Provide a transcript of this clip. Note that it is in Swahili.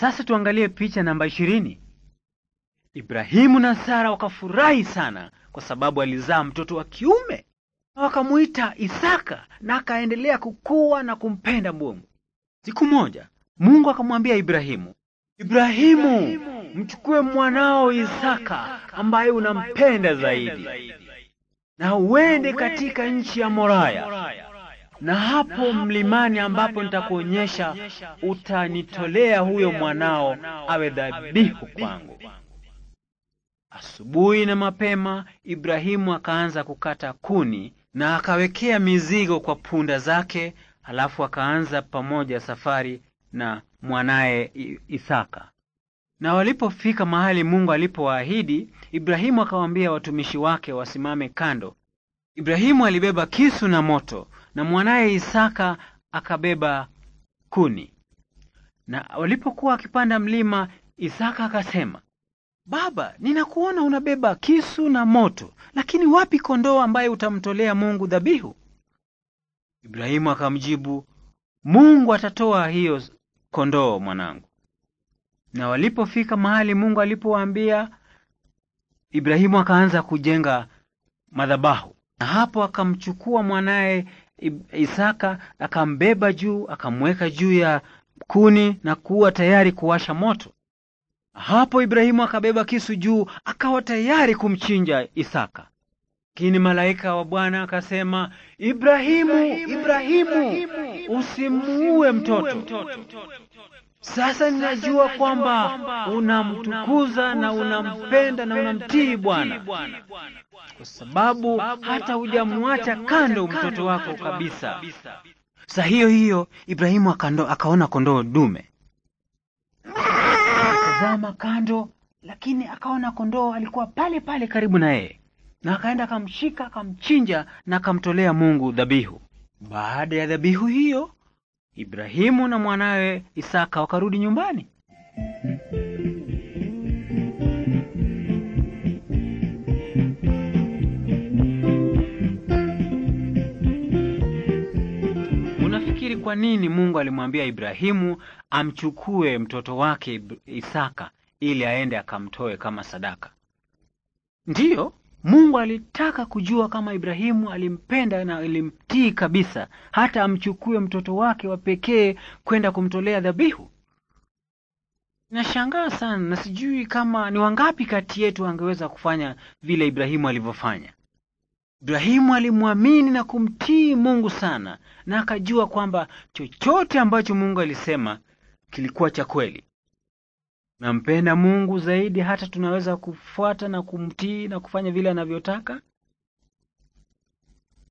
Sasa tuangalie picha namba ishirini. Ibrahimu na Sara wakafurahi sana kwa sababu alizaa mtoto wa kiume, wakamuita Isaka na akaendelea kukua na kumpenda Mungu. Siku moja Mungu akamwambia Ibrahimu, Ibrahimu, mchukue mwanao Isaka ambaye unampenda zaidi na uende katika nchi ya Moraya na hapo mlimani ambapo nitakuonyesha utanitolea huyo mwanao awe dhabihu kwangu. Asubuhi na mapema Ibrahimu akaanza kukata kuni na akawekea mizigo kwa punda zake, halafu akaanza pamoja safari na mwanaye Isaka. Na walipofika mahali Mungu alipowaahidi, Ibrahimu akawaambia watumishi wake wasimame kando Ibrahimu alibeba kisu na moto na mwanaye Isaka akabeba kuni. Na walipokuwa akipanda mlima, Isaka akasema, Baba, ninakuona unabeba kisu na moto, lakini wapi kondoo ambaye utamtolea Mungu dhabihu? Ibrahimu akamjibu, Mungu atatoa hiyo kondoo mwanangu. Na walipofika mahali Mungu alipowaambia, Ibrahimu akaanza kujenga madhabahu. Na hapo akamchukua mwanaye Isaka akambeba juu akamweka juu ya kuni na kuwa tayari kuwasha moto. Hapo Ibrahimu akabeba kisu juu akawa tayari kumchinja Isaka. Lakini malaika wa Bwana akasema, Ibrahimu, Ibrahimu, Ibrahimu usimuue mtoto. Sasa ninajua kwamba unamtukuza na unampenda na unamtii Bwana, kwa sababu hata hujamwacha kando mtoto wako kabisa. Saa hiyo hiyo Ibrahimu akando, akaona kondoo dume, akazama kando, lakini akaona kondoo alikuwa pale pale karibu na yeye, na akaenda akamshika, akamchinja na akamtolea Mungu dhabihu. Baada ya dhabihu hiyo Ibrahimu na mwanawe Isaka wakarudi nyumbani. Unafikiri kwa nini Mungu alimwambia Ibrahimu amchukue mtoto wake Isaka ili aende akamtoe kama sadaka? Ndiyo, Mungu alitaka kujua kama Ibrahimu alimpenda na alimtii kabisa, hata amchukue mtoto wake wa pekee kwenda kumtolea dhabihu. Nashangaa sana na sijui kama ni wangapi kati yetu angeweza kufanya vile Ibrahimu alivyofanya. Ibrahimu alimwamini na kumtii Mungu sana, na akajua kwamba chochote ambacho Mungu alisema kilikuwa cha kweli. Nampenda Mungu zaidi hata tunaweza kufuata na kumtii na kufanya vile anavyotaka